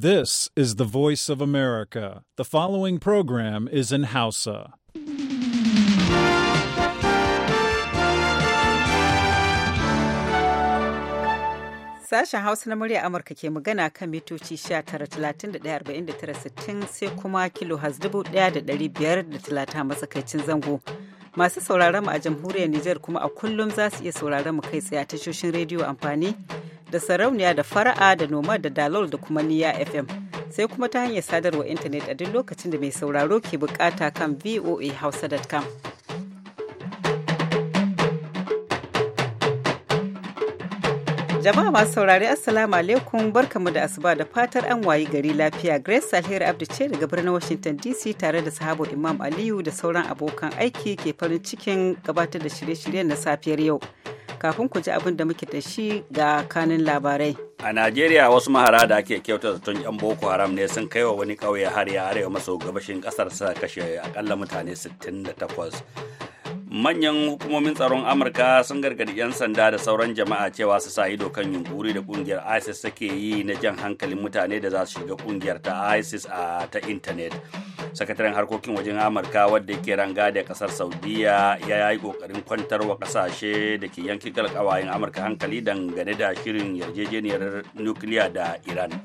This is the voice of America. The following program is in Hausa. Sashen Hausa na murya Amurka ke magana kan mitoci 19,31,49,60 sai kuma kilo has 1,530 matsakaicin zango. Masu sauraron mu a jamhuriyar Nijar kuma a kullum za su iya sauraron mu kai tsaye a tashoshin rediyo amfani da sarauniya da fara'a da noma da dalol da kuma niya fm sai kuma ta hanyar sadarwa intanet a duk lokacin da mai sauraro ke bukata kan voahausa.com jama'a masu saurari assalamu alaikum barkamu da asuba da fatar an wayi gari lafiya grace alheri abdu ce daga birnin washington dc tare da sahabo imam aliyu da sauran abokan aiki ke farin cikin gabatar da shirye-shiryen na safiyar yau kafin ku ji abin da muke da shi ga kanin labarai. A Najeriya wasu mahara da ake kyauta zaton 'yan Boko Haram ne sun kai wa wani ƙauye har ya arewa maso gabashin ƙasar sa kashe akalla mutane 68. manyan hukumomin tsaron amurka sun gargadi 'yan sanda da sauran jama'a cewa su sa ido kan yunkuri da kungiyar isis take yi na jan hankalin mutane da za su shiga kungiyar ta isis a ta intanet sakataren harkokin wajen amurka wadda yake ranga da kasar saudiya ya yi kokarin kwantar wa kasashe da ke yankin kalkawayen amurka hankali dangane da shirin yarjejeniyar nukiliya da iran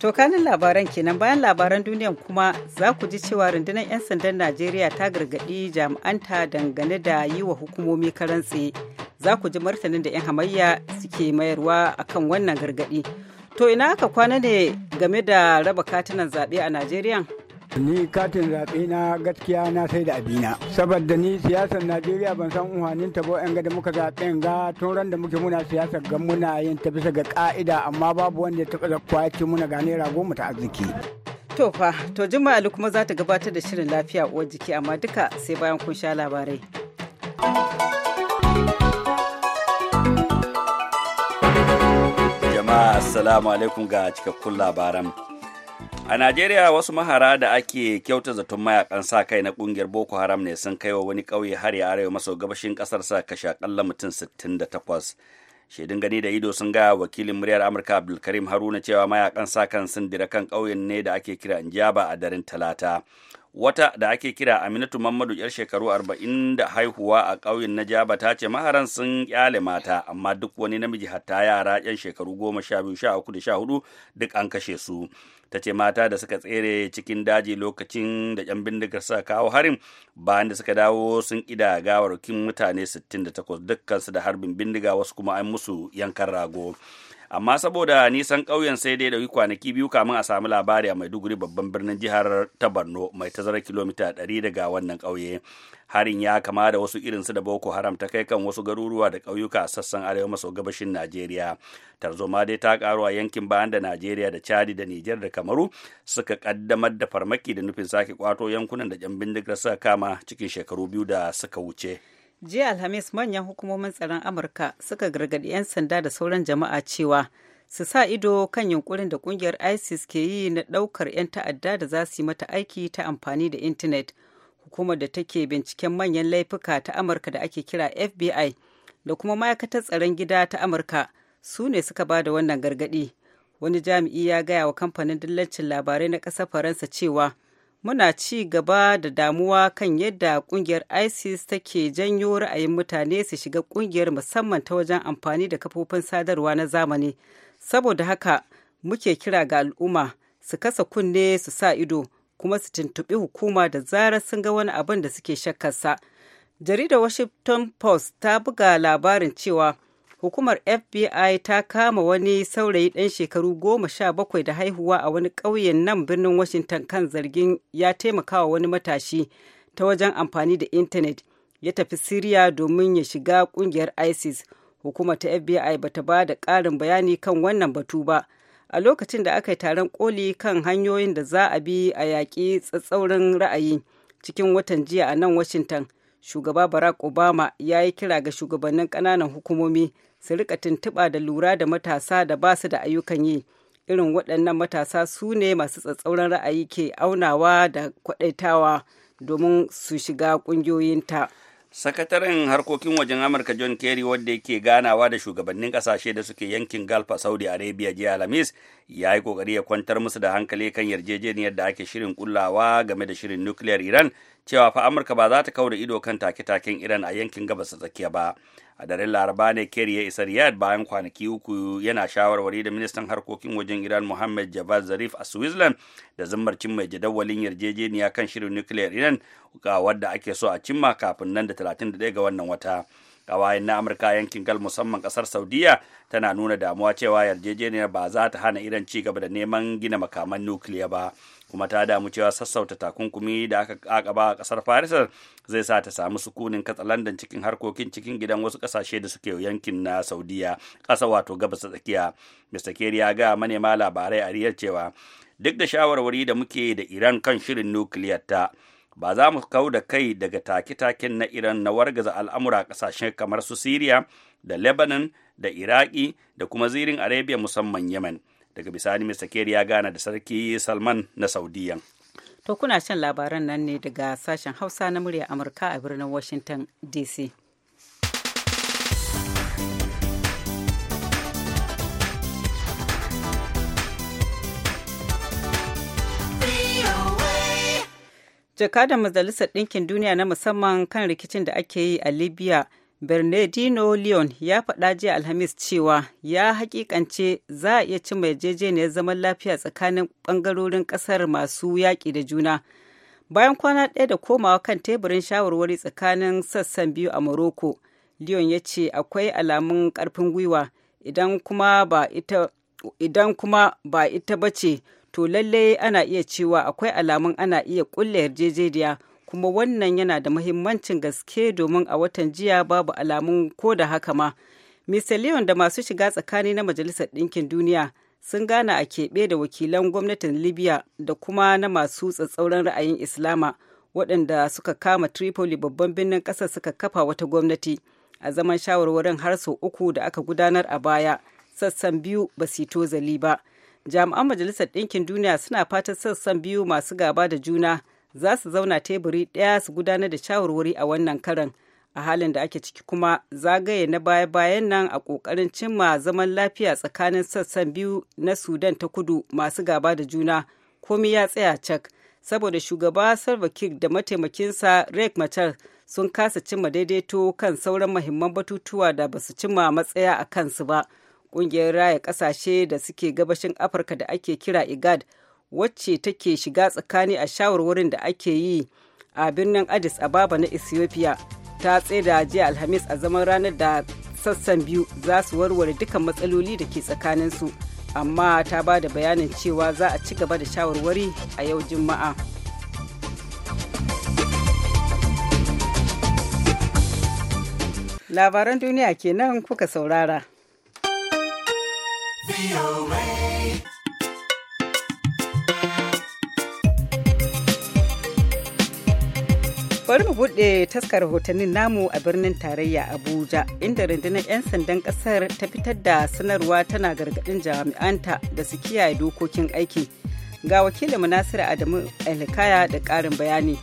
to kanin labaran kenan bayan labaran duniyan kuma za ku ji cewa rundunar 'yan sandan najeriya ta gargadi jami'anta dangane da da yi wa hukumomi karantse za ku ji martanin da 'yan hamayya suke mayarwa a kan wannan gargadi to ina aka kwana ne game da raba katinan zaɓe a najeriya ni katin zaɓe na gaskiya na sai da abina saboda ni siyasar najeriya ban san umarnin ta yan ga da muka zaɓe ga tun ran da muke muna siyasar ga muna yin ta bisa ga ka'ida amma babu wanda ya taɓa zakkuwa ce muna ga naira goma ta arziki to fa to jima'ali kuma za ta gabatar da shirin lafiya uwar jiki amma duka sai bayan kun sha labarai Jama'a Assalamu alaikum ga cikakkun labaran. A Najeriya wasu mahara da ake kyauta zaton mayakan sa kai na kungiyar Boko Haram ne sun kai wa wani ƙauye har ya arewa maso gabashin ƙasar sa kashe akalla mutum 68. Shaidun gani da ido sun ga wakilin muryar Amurka Abdulkarim Haruna cewa mayakan sa kan sun dira kan ƙauyen ne da ake kira Njaba a daren Talata. wata da ake kira aminatu mamadu yar shekaru arba'in da haihuwa a ƙauyen na jaba ta ce maharan sun ƙyale mata amma duk wani namiji hatta yara yan shekaru goma sha biyu sha uku da sha hudu duk an kashe su ta ce mata da suka tsere cikin daji lokacin da yan bindigar suka kawo harin bayan da suka dawo sun ƙida gawarkin mutane 68 dukkansu da harbin bindiga wasu kuma an musu yankan rago amma saboda nisan ƙauyen sai dai ɗauki kwanaki biyu kamin a samu labari a maiduguri babban birnin jihar ta borno mai tazarar kilomita 100 daga wannan ƙauye harin ya kama da wasu irinsu da boko haram ta kai kan wasu garuruwa da ƙauyuka a sassan arewa maso gabashin najeriya tarzoma dai ta karu a yankin bayan da najeriya da chadi da nijar da kamaru suka kaddamar da farmaki da nufin sake kwato yankunan da 'yan bindigar suka kama cikin shekaru biyu da suka wuce jiya alhamis manyan hukumomin tsaron amurka suka gargaɗi 'yan sanda da sauran jama'a cewa su sa ido kan yunkurin da kungiyar isis ke yi na ɗaukar 'yan ta'adda da za su yi mata aiki ta amfani da intanet hukumar da take binciken manyan laifuka ta amurka da ake kira fbi da kuma ma'aikatar tsaron gida ta amurka su ne suka ba da wannan gargadi, wani jami'i ya gaya wa kamfanin dillacin labarai na ƙasar faransa cewa muna ci gaba da damuwa kan yadda kungiyar isis take janyo ra'ayin mutane su shiga kungiyar musamman ta wajen amfani da kafofin sadarwa na zamani saboda haka muke kira ga al'umma su kasa kunne su sa ido kuma su tuntuɓi hukuma da zarar sun ga wani abin da suke shakkarsa jaridar washington post ta buga labarin cewa hukumar fbi ta kama wani saurayi ɗan shekaru goma sha bakwai da haihuwa a wani ƙauyen nan birnin washington kan zargin ya taimakawa wani matashi ta wajen amfani da intanet ya tafi siriya domin ya shiga ƙungiyar isis hukumar ta fbi bata ba da ƙarin bayani kan wannan batu ba a lokacin da aka yi taron koli kan hanyoyin da za a bi a yaƙi tsatsauran ra'ayi cikin watan jiya a nan washington shugaba barack obama ya yi kira ga shugabannin ƙananan hukumomi su rika tuntuɓa da lura da matasa da ba su da ayyukan yi irin waɗannan matasa su ne masu tsatsauran ra'ayi ke aunawa da kwaɗaitawa domin su shiga ƙungiyoyinta. sakataren harkokin wajen amurka john kerry wadda yake ganawa da shugabannin kasashe da suke yankin galfa saudi arabia jiya alhamis ya yi kokari ya kwantar musu da hankali kan yarjejeniyar da ake shirin kullawa game da shirin nukiliyar iran cewa fa amurka ba za ta kauda ido kan take-taken iran a yankin gabas tsakiya ba a daren laraba ne kerry ya isa riyad bayan kwanaki uku yana shawarwari da ministan harkokin wajen iran muhammad javad zarif a switzerland da zammarcin mai jadawalin yarjejeniya kan shirin nukiliyar iran ga wadda ake so a cimma kafin nan da 31 ga wannan wata kawayen na amurka yankin gal musamman kasar saudiya tana nuna damuwa cewa yarjejeniyar ba za ta hana iran ci gaba da neman gina makaman nukiliya ba kuma ta damu cewa sassauta takunkumi da aka kakaba a kasar farisar zai sa ta samu sukunin katsalandan cikin harkokin cikin gidan wasu kasashe da suke yankin na saudiya ƙasa wato gabas tsakiya mr kerry ya ga manema labarai a riyar cewa duk da shawarwari da muke da iran kan shirin nukiliyar ta ba za mu kau da kai daga take-taken na iran na wargaza al'amura kasashe kamar su syria da lebanon da iraki da kuma zirin arabia musamman yemen daga bisani mr kerry ya gana da sarki salman na saudiya. to kuna shan labaran nan ne daga sashen hausa na murya amurka a birnin washington dc jakadan majalisar ɗinkin duniya na musamman kan rikicin da ake yi a libya bernardino leon ya faɗa jiya alhamis cewa ya hakikance za a iya ci yarjejeniyar zaman lafiya tsakanin ɓangarorin ƙasar masu yaƙi da juna bayan kwana ɗaya da komawa kan teburin shawarwari tsakanin sassan biyu a morocco leon ya ce akwai alamun ƙarfin gwiwa idan kuma ba ita idan kuma ba ita ba ce to lallai ana iya cewa akwai alamun ana iya ƙulla yarjejeniya kuma wannan yana da muhimmancin gaske domin a watan jiya babu alamun ko da haka ma. Mr. Leon da masu shiga tsakani na Majalisar Ɗinkin Duniya sun gana a keɓe da wakilan gwamnatin Libya da kuma na masu tsatsauran ra'ayin Islama waɗanda suka kama Tripoli babban birnin ƙasar suka kafa wata gwamnati a zaman shawarwarin har sau uku da aka gudanar a baya sassan biyu ba su zali ba. Jami'an Majalisar Ɗinkin Duniya suna fatan sassan biyu masu gaba da juna za su zauna teburi ɗaya su gudanar da shawarwari a wannan karan a halin da ake ciki kuma zagaye na baya-bayan nan a ƙoƙarin cimma zaman lafiya tsakanin sassan biyu na sudan ta kudu masu gaba da juna komi ya tsaya cak saboda shugaba salva kiir da mataimakinsa rek machar sun kasa cimma daidaito kan sauran mahimman batutuwa da ba su cimma matsaya a kansu ba ƙungiyar raya ƙasashe da suke gabashin afirka da ake kira igad wacce take shiga tsakani a shawarwarin da ake yi a birnin addis ababa na ethiopia ta tsaida jiya alhamis a zaman ranar da sassan biyu za su warware dukkan matsaloli da ke tsakaninsu amma ta ba da bayanin cewa za a ci gaba da shawarwari a yau juma'a labaran duniya kenan kuka saurara. bari mu buɗe taskar rahotannin namu a birnin tarayya abuja inda rundunar 'yan sandan ƙasar ta fitar da sanarwa tana gargaɗin jami'anta da su kiyaye dokokin aiki ga wakilin nasiru adamu alkaya da ƙarin bayani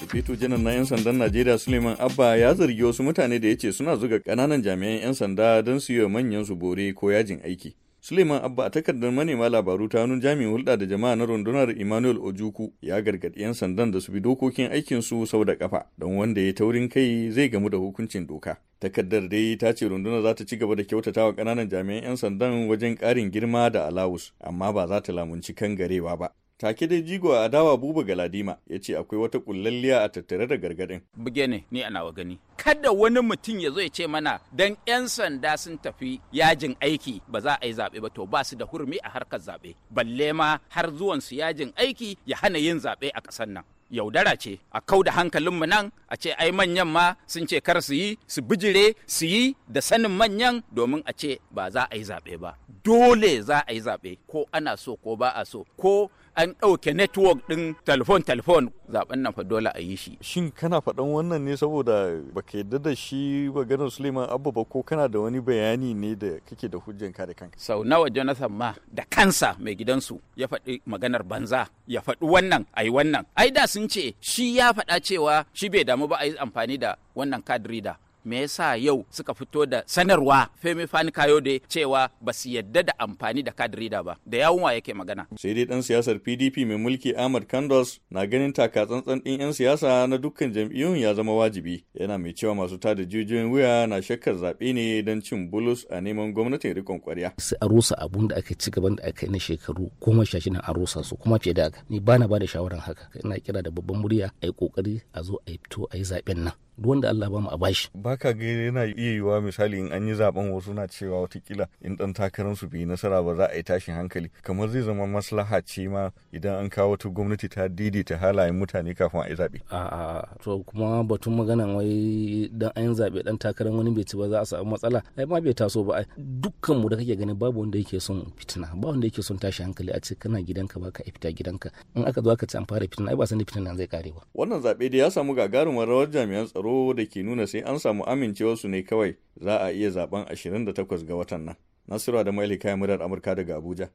sufeto janar na 'yan sandan najeriya suleiman abba ya zargi wasu mutane da ya ce suna zuga ƙananan jami'an 'yan sanda don su yi manyan su bore ko yajin aiki Suleiman Abba a takardar manema labaru ta hannun jami'in hulɗa da jama'a na rundunar Emmanuel Ojuku ya gargaɗi 'yan sandan da su bi dokokin aikin su sau da kafa don wanda ya taurin kai zai gamu da hukuncin doka. Takardar dai ta ce rundunar za ta ci gaba da kyautata wa ƙananan jami'an 'yan sandan wajen ƙarin girma da alawus amma ba za ta lamunci kan garewa ba. Take dai jigo a adawa Buba Galadima ya ce akwai wata kullalliya a tattare da gargadin. Buge ne ni ana wa gani. Kada wani mutum ya zo ya ce mana dan 'yan sanda sun tafi yajin aiki ba za a yi zaɓe ba to ba su da hurmi a harkar zaɓe. Balle ma har zuwan su yajin aiki ya hana yin zaɓe a ƙasar nan. Yaudara ce a kau da hankalinmu nan a ce ai manyan ma sun ce kar su yi su bijire su yi da sanin manyan domin a ce ba za a yi zaɓe ba. Dole za a yi zaɓe ko ana so ko ba a so ko an ɗauke network ɗin telefon telefon zaben nan fa dole a yi shi. Shin kana faɗan wannan ne saboda baka yadda da shi ganin Suleiman Abba ba ko kana da wani bayani ne da kake da hujjan kare kanka? Sau nawa Jonathan ma da kansa mai gidansu ya faɗi maganar banza ya faɗi wannan yi wannan. Ai da sun ce shi ya faɗa cewa shi bai damu ba a yi amfani da wannan kadiri da me yasa yau suka fito da sanarwa Femi Fani da cewa ba su yadda da amfani da kadiri da ba da yawunwa yake magana. Sai dai dan siyasar PDP mai mulki Ahmad Kandos na ganin takatsantsan din 'yan siyasa na dukkan jam'iyyun ya zama wajibi yana mai cewa masu tada jijiyoyin wuya na shakkar zaɓe ne don cin bulus a neman gwamnatin rikon kwarya. Sai a rusa abun da aka ci gaban da aka na shekaru goma sha shida a rusa su kuma fiye da haka ni bana ba da shawaran haka ina kira da babban murya a yi kokari a zo a yi fito a yi zaɓen nan duk wanda Allah ba mu a bashi. Baka ga yana iya yiwuwa misali in an yi zaben wasu na cewa watakila in dan takarar su bai nasara ba za a yi tashin hankali kamar zai zama maslaha ce ma idan an kawo wata gwamnati ta daidaita halayen mutane kafin a yi zaɓe. A'a to kuma batun maganan wai dan an zaɓe dan takarar wani bai ci ba za a samu matsala ai ma bai taso ba dukkan mu da kake gani babu wanda yake son fitina ba wanda yake son tashin hankali a ce kana gidanka ba ka fita gidanka in aka zo aka ci an fara fitina ai ba san fitina zai kare ba. Wannan zaɓe da ya samu gagarumar rawar jami'an tsaro tsaro da ke nuna sai an samu amincewarsu ne kawai za a iya zaben 28 ga watan nan. Nasiru da Maili kayan murar Amurka daga Abuja,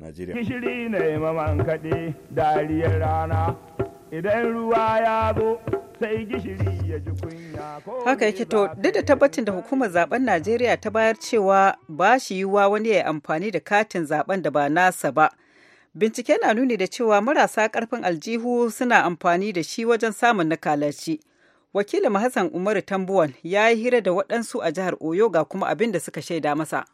Najeriya. Gishiri ne maman kaɗe dariyar rana idan ruwa ya zo sai gishiri ya ji kunya Haka yake to duk da tabbacin da hukumar zaben Najeriya ta bayar cewa ba shi yiwuwa wani ya yi amfani da katin zaben da ba nasa ba. Bincike na nuni da cewa marasa karfin aljihu suna amfani da shi wajen samun kalaci Wakilin Hassan Umaru Tambuwal ya yi hira da waɗansu a jihar Oyo ga kuma abin da suka shaida masa.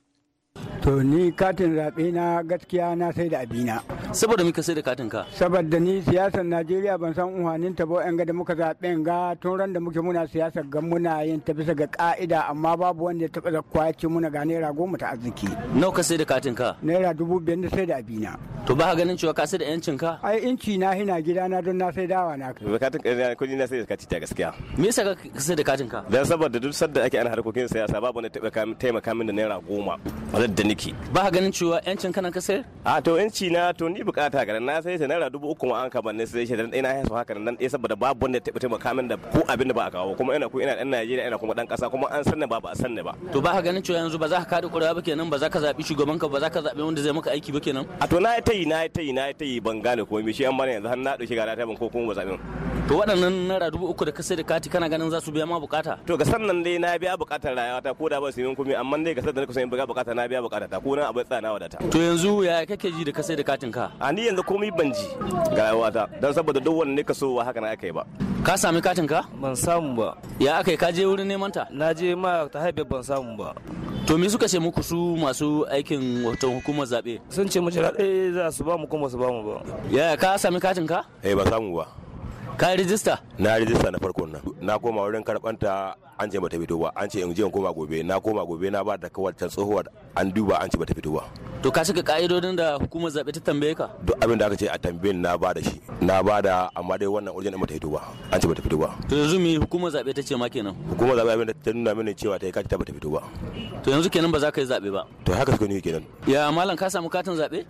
To ni katin zaɓe na gaskiya na sai da abina. Saboda muka sai da katin ka? Saboda ni siyasar Najeriya ban san umarnin ta ba ga da muka zaɓe ga tun ran da muke muna siyasar ga muna yin ta bisa ga ka'ida amma babu wanda ya taɓa ce muna ga naira goma ta arziki. Nawa ka sai da katin ka? Naira dubu biyar da sai da abina. To ba ka ganin cewa ka sai da yancin ka? Ai inci na hina gida na don na sai dawa na. Katin eh, kuɗi na sai da katin ta gaskiya. Me yasa ka sai da katin ka? Dan saboda duk sadda ake ana harkokin siyasa babu wanda ya taɓa taimaka min da naira goma. ciniki ba ka ganin cewa yancin kana ka sayar a to yanci na to ni bukata ga na sai naira dubu uku ma an kaban ne sai shi dan ina hasu haka nan dai saboda babu wanda ta taimaka kamin da ko abin da ba a kawo kuma ina ku ina dan Najeriya ina kuma dan kasa kuma an sanna ba ba a sanna ba to ba ka ganin cewa yanzu ba za ka kada kuri'a ba kenan ba za ka zabi ka ba za ka zabi wanda zai maka aiki ba kenan a to na ta yi na ta yi na ta yi ban gane komai shi an bana yanzu har na dauki gara ta ban ko kuma ba zabi to waɗannan naira dubu uku da ka da kati kana ganin za su biya ma bukata to ga sannan dai na biya bukatar rayuwata ko da ba su yi kuma amma dai ga sannan kusan biya bukata na biya bukata ta ko na abai tsana wadata to yanzu ya kake ji da ka da katin ka a ni yanzu komai ban ji ga rayuwata dan saboda duk wanda ne ka so haka na kai ba ka sami katin ka ban samu ba ya akai ka je wurin neman ta na je ma ta haife ban samu ba to me suka ce muku su masu aikin watan hukumar zabe? sun ce mu jira eh, za su ba mu kuma su ba mu ba ya ka sami katin ka eh ba samu ba Ka rijista? Na rijista na farkon nan. Na koma wurin karɓanta an ce bata fito ba an ce in je koma gobe na koma gobe na ba da kawar can tsohuwar an duba an ce bata fito ba. To ka cika ka'idodin da hukumar zaɓe ta tambaye ka? Duk abin da aka ce a tambayin na ba da shi na ba da amma dai wannan urgent ba bata fito ba an ce bata fito ba. To yanzu me hukumar zaɓe ta ce ma kenan? Hukumar zaɓe abin da ta nuna mini cewa ta yi ba ta bata fito ba. To yanzu kenan ba za ka yi zaɓe ba. To haka suka ni kenan. Ya malam ka samu katin zaɓe?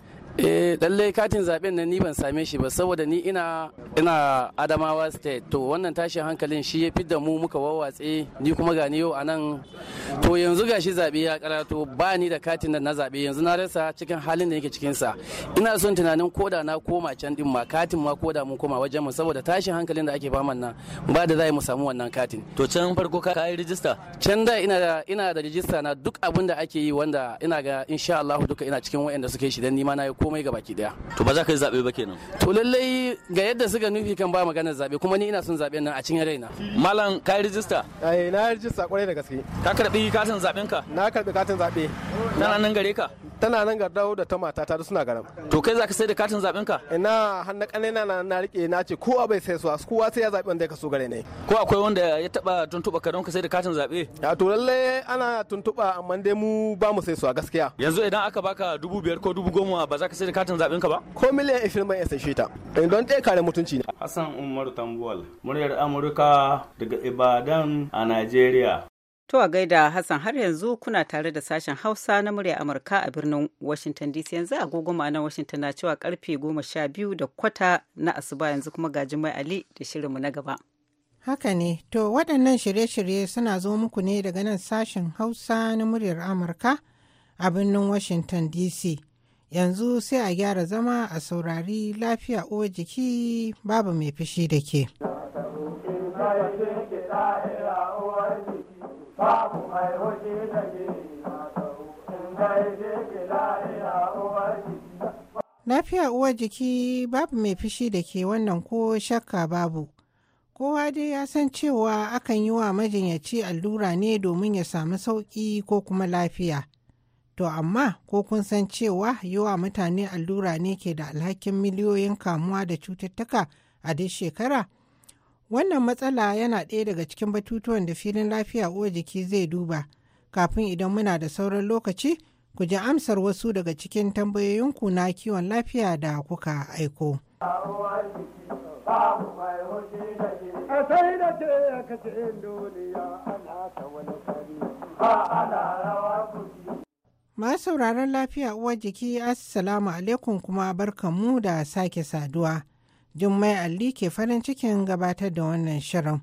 eh lallai katin zaben nan ni ban same shi ba saboda ni ina ina adamawa state to wannan tashin hankalin shi ya fidda mu muka wawatse ni kuma gani yau a nan to yanzu gashi zabe ya karato ba ni da katin da na zabe yanzu na rasa cikin halin da yake cikin sa ina son tunanin koda na koma can din ma katin ma koda mun koma wajen mu saboda tashin hankalin da ake faman nan ba da zai mu samu wannan katin to can farko ka kai register can da ina da ina da register na duk abin da ake yi wanda ina ga insha Allah duka ina cikin wayanda suke shi dan ni ma na yi ko komai ga baki daya to ba za ka yi zaɓe ba kenan to lallai ga yadda suka nufi kan ba maganar zaɓe kuma ni ina son zaɓe nan a cikin raina malam ka yi rijista eh na yi rijista kwarai da gaske ka karbi katin zaɓen ka na karbi katin zaɓe. tana nan gare ka tana nan gardau da ta mata ta suna garam to kai za ka sai da katin zaɓen ka ina hannu kanina na na rike na ce kowa bai sai su kowa sai ya zabi wanda ya kaso gare ne ko akwai wanda ya taba ka don ka sai da katin zaɓe? ya to lallai ana tuntuɓa amma dai mu ba mu sai su gaskiya yanzu idan aka baka dubu biyar ko dubu goma ba za ka sai da katin zaben ka ba ko miliyan 20 mai isa shi ta eh, don ɗaya kare mutunci ne Hassan Umar Tambuwal muryar Amurka daga Ibadan a Najeriya To a gaida Hassan har yanzu kuna tare da sashen Hausa na murya Amurka a birnin Washington DC yanzu agogo ma'anar Washington na cewa karfe goma sha biyu da kwata na asuba yanzu kuma ga Jumai Ali da shirinmu na gaba. Haka ne, to waɗannan shirye-shirye suna zo muku ne daga nan sashen Hausa na muryar Amurka a birnin Washington DC. yanzu sai a gyara zama a saurari lafiya uwa jiki babu mai fushi da ke. Lafiya uwa jiki babu mai fushi da ke wannan ko shakka babu. Kowa dai ya san cewa akan yi wa majinyaci allura ne domin ya samu sauƙi ko kuma lafiya. To amma ko kun san cewa yawa mutane allura ne ke da alhakin miliyoyin kamuwa da cututtuka a duk shekara? Wannan matsala yana ɗaya daga cikin batutuwan da filin lafiya uwa jiki zai duba. Kafin idan muna da sauran lokaci, ku ji amsar wasu daga cikin tambayoyinku na kiwon lafiya da kuka aiko. Ma sauraron lafiya uwar jiki assalamu alaikum kuma barkanmu da sake saduwa. Jummai Alli ke farin cikin gabatar da wannan shirin.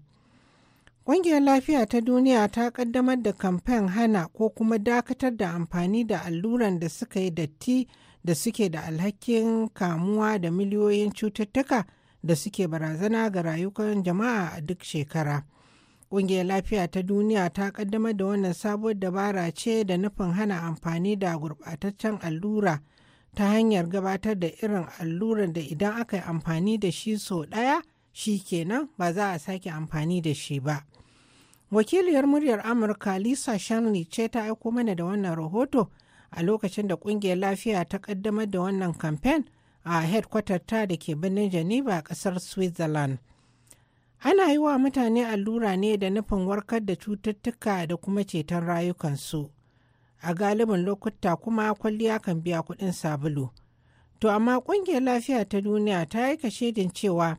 Ƙungiyar Lafiya ta Duniya ta ƙaddamar da kamfen hana ko kuma dakatar da amfani da alluran da suka yi datti da suke da alhakin kamuwa da miliyoyin cututtuka da suke barazana ga rayukan jama'a a duk shekara. Ƙungiyar Lafiya ta Duniya ta ƙaddamar da wannan sabuwar dabara ce da nufin hana amfani da gurɓataccen allura ta hanyar gabatar da irin allurar da idan aka yi amfani da shi sau ɗaya shi kenan ba za a sake amfani da shi ba. Wakiliyar muryar Amurka Lisa Shanley ce ta aiko mana da wannan rahoto a lokacin da ƙungiyar lafiya ta ƙaddamar da wannan kamfen a headquarter ta da ke birnin Geneva ƙasar Switzerland. ana yi wa mutane allura ne da nufin warkar da cututtuka da kuma ceton rayukansu a galibin lokuta kuma kwalliya kan biya kuɗin sabulu to amma ƙungiyar lafiya ta duniya ta yi shaidin cewa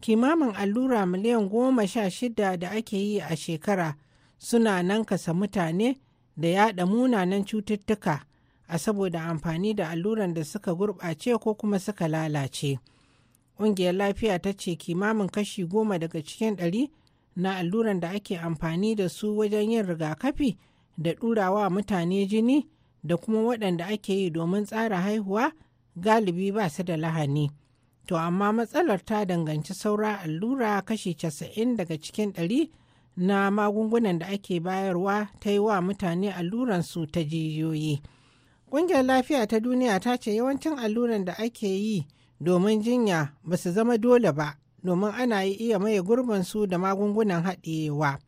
kimamin allura miliyan goma sha shida da ake yi a shekara suna nan kasa mutane da yaɗa munanan cututtuka a saboda amfani da alluran da suka gurɓace ko kuma suka lalace. ƙungiyar lafiya ta ce kimamin kashi goma daga cikin ɗari na alluran da ake amfani da su wajen yin rigakafi da ɗurawa mutane jini da kuma waɗanda ake yi domin tsara haihuwa galibi ba su da lahani. To amma matsalar ta danganci saura allura kashi casa'in daga cikin ɗari na magungunan da ake bayarwa ta yi wa mutane alluran su ta jijiyoyi. Ƙungiyar lafiya ta duniya ta ce yawancin alluran da ake yi domin jinya ba su zama dole ba domin ana iya maye gurbinsu da magungunan haɗewa.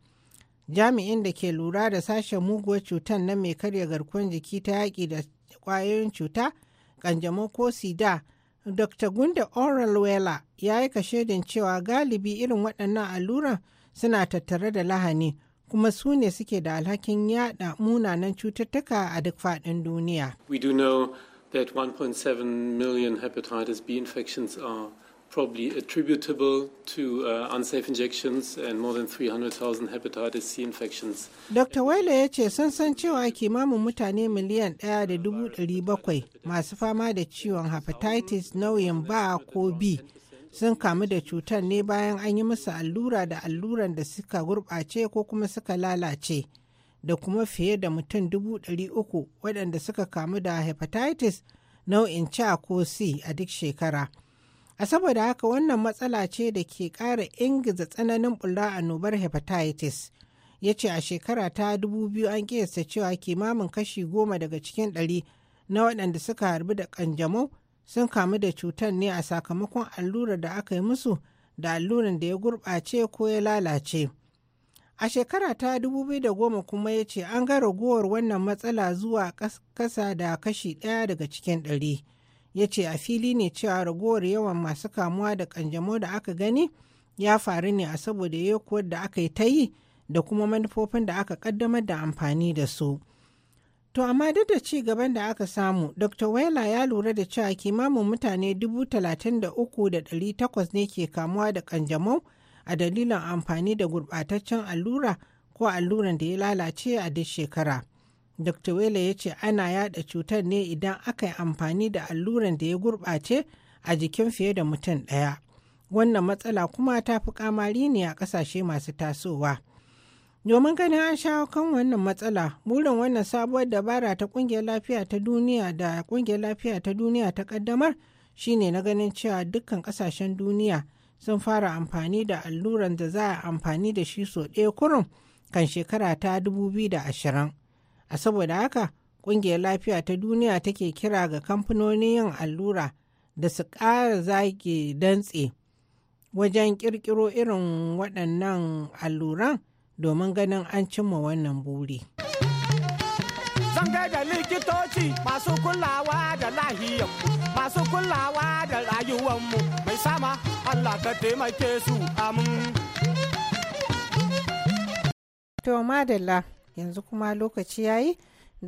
Jami'in da ke lura da sashen muguwar cutar na mai karya garkuwar jiki ta yaƙi da ƙwayoyin cuta, ƙanjamau ko sida, Dr. Gunda Oral Wela ya yi kashedin cewa galibi irin waɗannan alluran suna tattare da lahani kuma su ne suke da alhakin yaɗa munanan cututtuka a duk faɗin duniya. that 1.7 million hepatitis B infections are probably attributable to uh, unsafe injections and more than 300,000 hepatitis C infections. Dr. Wale ya ce sun san cewa kimanin mutane miliyan ɗaya da dubu masu fama da ciwon hepatitis nauyin ba ko B sun kamu da cutar ne bayan an yi musu allura da alluran da suka gurɓace ko kuma suka lalace. da kuma fiye da mutum dubu ɗari uku waɗanda suka kamu da hepatitis nau'in C ko C a duk shekara. A saboda haka wannan matsala ce da ke ƙara ingiza tsananin bula annobar hepatitis. Ya ce a shekara ta dubu biyu an ƙiyasta cewa kimamin kashi goma daga cikin ɗari na waɗanda suka harbi da ƙanjamau sun kamu da cutar ne a sakamakon allurar da aka yi musu da alluran da ya gurɓace ko ya lalace. A shekara ta 2010 kuma ya ce an ga ragowar wannan matsala zuwa kasa da kashi ɗaya daga cikin ɗari. Ya ce a fili ne cewa ragowar yawan masu kamuwa da ƙanjamau da aka gani ya faru ne a saboda yakuwar da aka yi ta yi da kuma manufofin da aka ƙaddamar da amfani da su. To amma duk da ci gaban da aka samu, Dr. Wela ya lura da cewa kimanin mutane 33,800 ne ke kamuwa da ƙanjamau a dalilin amfani da gurɓataccen allura ko alluran da ya lalace a duk shekara. Dr. Wele ya ce ana yada cutar ne idan aka yi amfani da alluran da ya gurɓace a jikin fiye da mutum ɗaya. Wannan matsala kuma ta fi kamari ne a ƙasashe masu tasowa. Domin ganin an shawo kan wannan matsala, burin wannan sabuwar dabara ta ƙungiyar lafiya ta duniya da ƙungiyar lafiya ta duniya ta ƙaddamar shine na ganin cewa dukkan ƙasashen duniya sun fara amfani da alluran da za a amfani da shi so ɗaya kurum kan shekara ta 2020 a saboda haka ƙungiyar lafiya ta duniya take kira ga kamfanonin yin allura da su ƙara zage dantse wajen ƙirƙiro irin waɗannan alluran domin ganin an cimma wannan buri. Zan da likito. ci masu kulawa da lahiyar masu kulawa da rayuwanmu mai sama Allah ka taimake su amin. To madalla yanzu kuma lokaci yayi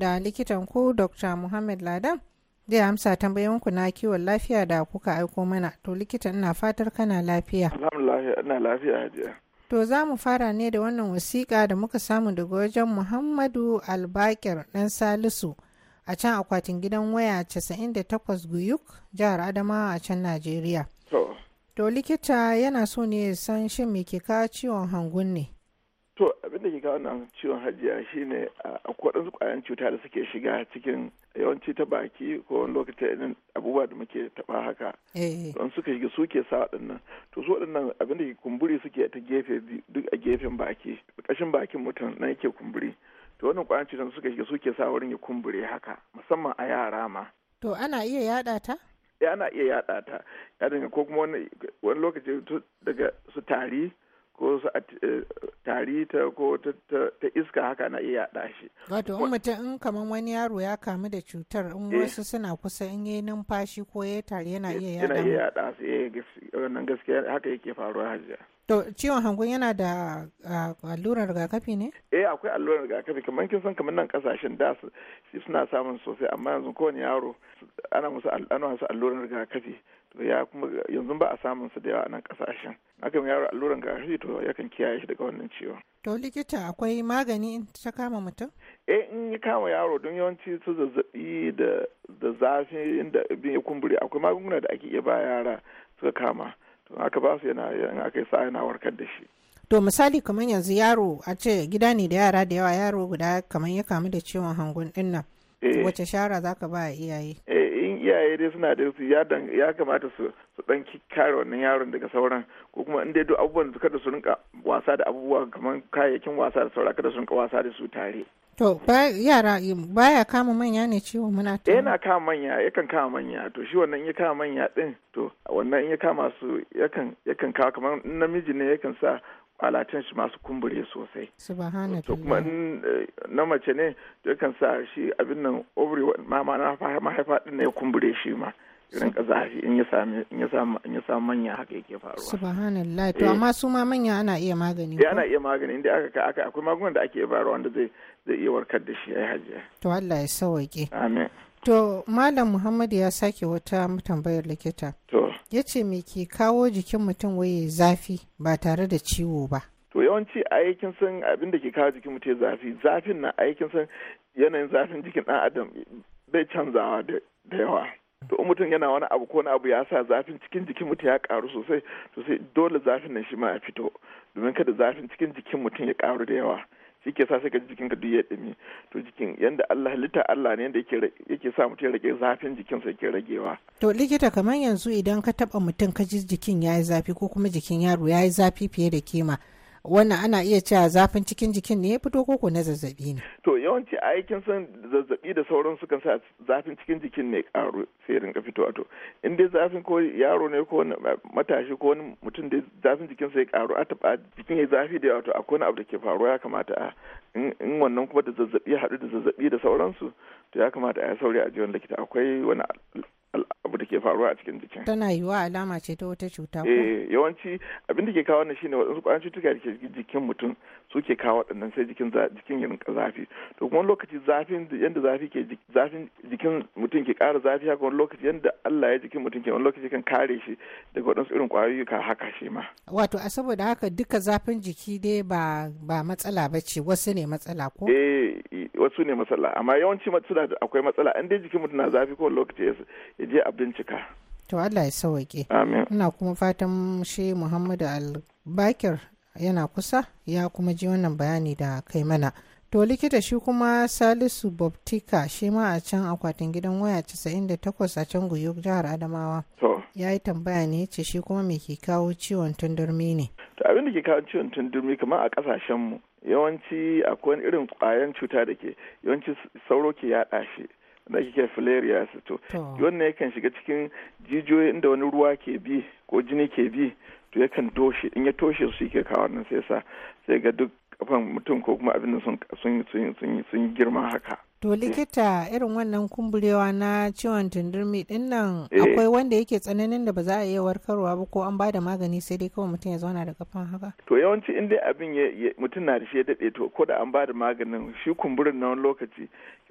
da likitan ku Dr. Muhammad Ladan zai amsa tambayoyinku na kiwon lafiya da kuka aiko mana. To likitan ina fatar kana lafiya. Alhamdulillah ina lafiya hajiya. To za mu fara ne da wannan wasiƙa da muka samu daga wajen Muhammadu Albakir ɗan Salisu a can akwatin gidan waya 98 guyuk jihar adama a can najeriya to likita yana so ne ya san shin me ke kawo ciwon hangun ne to abin da ke kawo nan ciwon hajiya shine akwai kwayan cuta da suke shiga cikin yawanci ta baki ko wani lokaci irin abubuwa da muke taɓa haka don eh. suka shiga suke sa waɗannan to su waɗannan abin da ke kumburi suke ta gefe duk a gefen baki ƙashin bakin mutum nan yake kumburi to wannan kwayan cutar suka shiga suke sa wurin ya kumbure haka musamman a yara ma to ana iya yada ta eh, ana iya yada ta ya ko kuma wani lokaci daga su tari ko su a eh, tari ta ko ta iska haka na iya yaɗa shi. Wato in mutum in kamar wani yaro ya kamu da cutar in eh. wasu suna kusa in yi numfashi ko ya tari yana eh, iya yaɗa. Yana iya yaɗa su iya wannan gaskiya haka yake faruwa hajiya. To ciwon hangun yana da allurar rigakafi ne? Eh akwai allurar rigakafi kamar kin san kamar nan kasashen da suna samun sosai amma yanzu kowane yaro ana musu allurar rigakafi. ya kuma yanzu ba a samun su da yawa a nan kasashen aka yaro alluran shi to yakan kiyaye shi daga wannan ciwon to likita akwai magani in ta kama mutum eh in ya kama yaro don yawanci su zazzabi da da zafi inda bin ya kumbure akwai magunguna da ake iya ba yara suka kama to aka ba su yana in aka yi sa yana warkar da shi to misali kamar yanzu yaro a ce gida ne da yara da yawa yaro guda kamar ya kamu da ciwon hangun dinnan eh. wace shara zaka ba iyaye eh iyaye dai suna da su ya kamata su su dan kare wannan yaron daga sauran ko kuma in dai duk abubuwan su kada su rinka wasa da abubuwa kamar kayayyakin wasa da saura kada su rinka wasa da su tare to yara baya kama manya ne ciwo muna ta eh, yana kama manya yakan kama manya to shi wannan ya kama manya din to wannan ya kama su yakan yakan kama kamar namiji ne yakan sa kwalatan shi masu kumbure sosai to kuma eh, na mace ne to kan sa shi abin nan ovary mama na mahaifa din ne ya kumbure shi ma irin kazafi in ya sami in ya sami manya haka yake faruwa subhanallah to eh. amma su ma manya ana iya magani eh ana iya magani inda aka ka aka akwai magungunan da ake bayarwa wanda zai zai iya warkar da shi ya hajiya to Allah ya sauke amin To, Malam Muhammad ya sake wata tambayar likita. To. Ya ce me ke kawo jikin mutum waye zafi ba tare da ciwo ba. To yawanci aikin san abin da ke kawo jikin mutum zafi, zafin na aikin san yanayin zafin jikin ɗan adam bai canzawa da yawa. To in mutum yana wani abu ko wani abu ya sa zafin cikin jikin mutum ya karu sosai, sosai dole zafin nan shi ma ya fito domin kada zafin cikin jikin mutum ya karu da yawa. yake sa sai ka ka duk ya dumi to jikin yanda Allah halitta Allah ne yanda yake yake sa mutum ya rage zafin jikin sa yake ragewa to likita kamar yanzu idan ka taba mutum ka ji jikin yayi zafi ko kuma jikin yaro yayi zafi fiye da kima wannan ana iya cewa zafin cikin jikin ne ya fito koko na zazzabi ne to yawanci aikin san zazzabi da sauran kan sa zafin cikin jikin ne karu sai rinka fitowa to in dai zafin ko yaro ne ko eh, matashi ko wani mutum da zafin jikin sai karu a taba jikin ya zafi da yawa to akwai wani abu da ke faruwa ya kamata a in wannan kuma da zazzabi haɗu da zazzabi da sauransu to ya kamata a ya sauri a ji wani likita akwai wani abu da ke faruwa a cikin jikin. Tana yiwuwa alama ce ta wata cuta ko? Eh, yawanci abin da ke kawo wannan shine waɗansu ƙwayoyin cutuka da ke jikin mutum suke kawo waɗannan sai jikin jikin ya rinka zafi. To kuma lokaci zafin yanda zafi ke zafin jikin mutum ke ƙara zafi haka wani lokaci yanda Allah ya jikin mutum ke wani lokaci kan kare shi daga waɗansu irin ƙwayoyuka haka shi ma. Wato a saboda haka duka zafin jiki dai ba ba matsala ba ce wasu ne matsala ko? Eh wasu ne matsala amma yawanci matsala akwai matsala an dai jikin mutum na zafi ko lokaci ya je a bincika to Allah ya sauke amin ina kuma fatan shi Muhammadu Al bakir yana kusa ya kuma ji wannan bayani da kai mana to likita shi kuma Salisu Boptika shi ma a can akwatin gidan waya 98 a can Guyo jihar Adamawa ya yi tambaya ne ce shi kuma me ke kawo ciwon tundurmi ne to abin da ke kawo ciwon tundurmi kamar a kasashen mu yawanci akwai irin kwayan cuta da ke yawanci sauro ke yaɗa shi da ake kira su to wannan yakan shiga cikin jijiyoyi inda wani ruwa ke bi ko jini ke bi to yakan toshe in ya toshe su yake kawo nan sai sa sai ga duk kafan mutum ko kuma abin sun sun sun girma haka To eh. likita irin wannan kumburewa na ciwon tundurmi din nan eh. akwai wanda yake tsananin da ba za a iya warkarwa ba ko an ba da magani sai dai kawai mutum ya zauna da kafan haka. To yawanci in dai abin mutum na da shi ya daɗe to ko da an ba da maganin shi kumburin na wani lokaci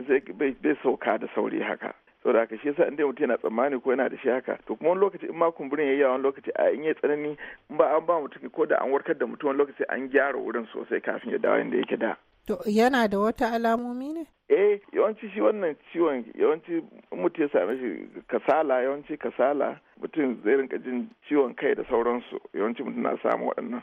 sai bai sauka da sauri haka. da haka shi yasa in dai mutum yana tsammani ko yana da shi haka to kuma wani lokaci in ma kumburin yayi wani lokaci a in yayi tsanani in ba an ba mutum ko da an warkar da mutum wani lokaci an gyara wurin sosai kafin ya dawo inda yake da To yana da wata alamomi ne? Eh yawanci shi wannan ciwon yawanci mutu ya same shi kasala yawanci kasala mutum zai rinka jin ciwon kai da sauransu yawanci mutum na samu waɗannan.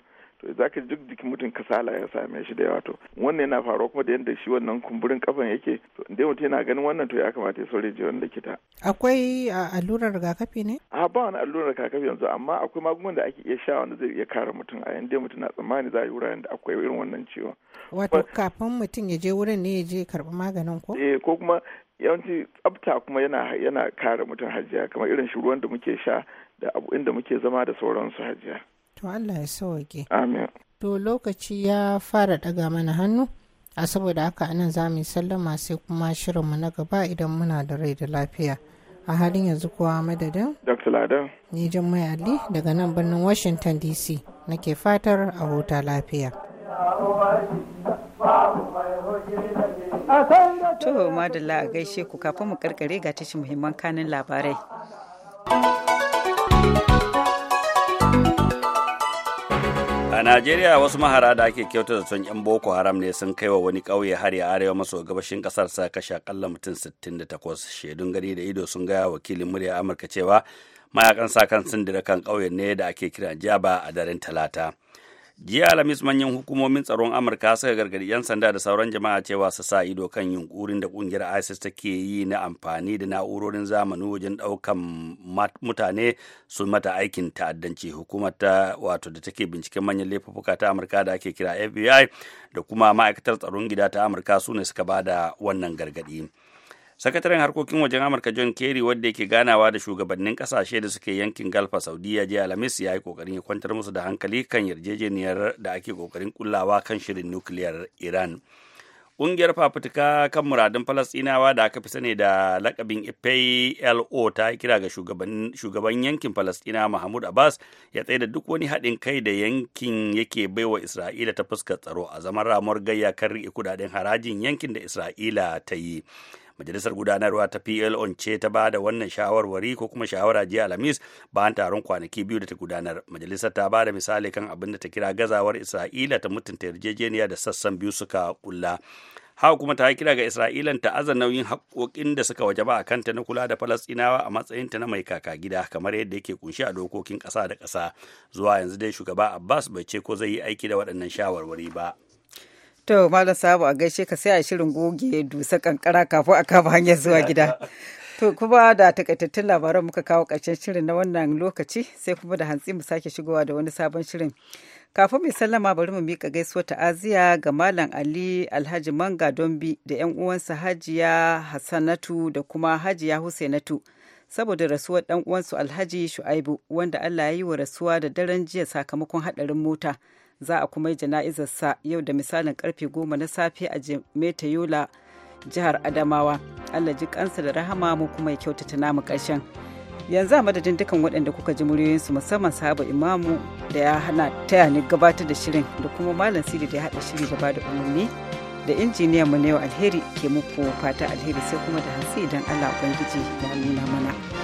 za ka duk jikin mutum kasala ya same shi da yawa to wannan yana faruwa kuma da yadda shi wannan kumburin kafan yake to dai mutum yana ganin wannan to ya kamata ya saurin jiran likita. akwai allurar rigakafi ne? a ba wani allurar rigakafi yanzu amma akwai magungunan da ake iya sha wanda zai iya kare mutum a yanda mutum na tsammani za a yi wuraren da akwai irin wannan ciwon. wato kafin mutum ya je wurin ne ya je karɓi maganin ko? eh ko kuma yawanci tsafta kuma yana yana kare mutum hajiya kamar irin shi ruwan da muke sha da abu inda muke zama da sauransu hajiya. To Allah ya sauke. Amin. To lokaci ya fara daga mana hannu, a saboda haka anan za mu yi sallama sai kuma shirinmu na gaba idan muna da rai da lafiya. A halin yanzu kuwa madadin? Dr. Ladan. Ni mai Ali daga nan birnin Washington DC nake fatar a huta lafiya. To madalla a gaishe ku kafin mu karkare ga tashin muhimman kanin labarai. A Najeriya wasu mahara da ake kyauta da zaton 'yan Boko Haram ne sun kai wa wani ƙauye hari a arewa maso gabashin ƙasar sa kashe akalla mutum 68. Shaidun gari da ido sun gaya wakilin murya Amurka cewa mayakan sa kan sun dira kan ƙauyen ne da ake kira Jaba a daren Talata. jiya alhamis manyan hukumomin tsaron amurka suka gargadi 'yan sanda da sauran jama'a cewa su sa ido kan yunkurin da kungiyar isis take yi na amfani da na'urorin zamani wajen daukan mutane su mata aikin ta'addanci hukumar ta wato da take binciken manyan laifuka ta amurka da ake kira fbi da kuma ma'aikatar tsaron gida ta amurka su ne suka bada wannan gargadi. sakataren harkokin wajen amurka john kerry wadda yake ganawa da shugabannin kasashe da suke yankin galfa saudiya jiya alhamis ya yi kokarin ya kwantar musu da hankali kan yarjejeniyar da ake kokarin kullawa kan shirin nukiliyar iran ƙungiyar fafutuka kan muradun falasɗinawa da aka fi sani da lakabin lo ta kira ga shugaban yankin falasɗina mahmud abbas ya tsaye da duk wani haɗin kai da yankin yake baiwa isra'ila ta fuskar tsaro a zaman ramuwar gayya kan riƙe kudaden harajin yankin da isra'ila ta yi majalisar gudanarwa ta plon ce ta ba da wannan shawarwari ko kuma shawara jiya alhamis bayan taron kwanaki biyu da ta gudanar majalisar ta ba da misali kan abin da ta kira gazawar isra'ila ta mutunta yarjejeniya da sassan biyu suka kulla haka kuma ta kira ga isra'ila ta aza nauyin haƙoƙin da suka waje ba a kanta na kula da falastinawa a matsayinta na mai kaka gida kamar yadda yake kunshi a dokokin ƙasa da ƙasa zuwa yanzu dai shugaba abbas bai ce ko zai yi aiki da waɗannan shawarwari ba To Malam Sabu a gaishe ka sai a shirin goge dusa kankara kafin a kama hanyar zuwa gida. To kuma da takaitattun labaran muka kawo ƙarshen shirin na wannan lokaci sai kuma da hantsi mu sake shigowa da wani sabon shirin. Kafin mai sallama bari mu miƙa gaisuwa ta'aziya ga Malam Ali Alhaji Manga Dombi da 'yan uwansa Hajiya Hassanatu da kuma Hajiya Husainatu. saboda rasuwar ɗan uwansu Alhaji Shu'aibu wanda Allah ya yi wa rasuwa da daren jiya sakamakon haɗarin mota. za a kuma yi sa yau da misalin karfe goma na safe a jimeta jihar adamawa allah ji kansa da rahama mu kuma ya kyautata namu karshen yanzu a madadin dukan waɗanda kuka ji muryoyinsu musamman sahaba imamu da ya hana taya ni gabatar da shirin da kuma malam siri da ya haɗa shiri gaba da umarni da injiniya mu na yau alheri ke muku fata alheri sai kuma da hansi idan allah ubangiji ya nuna mana.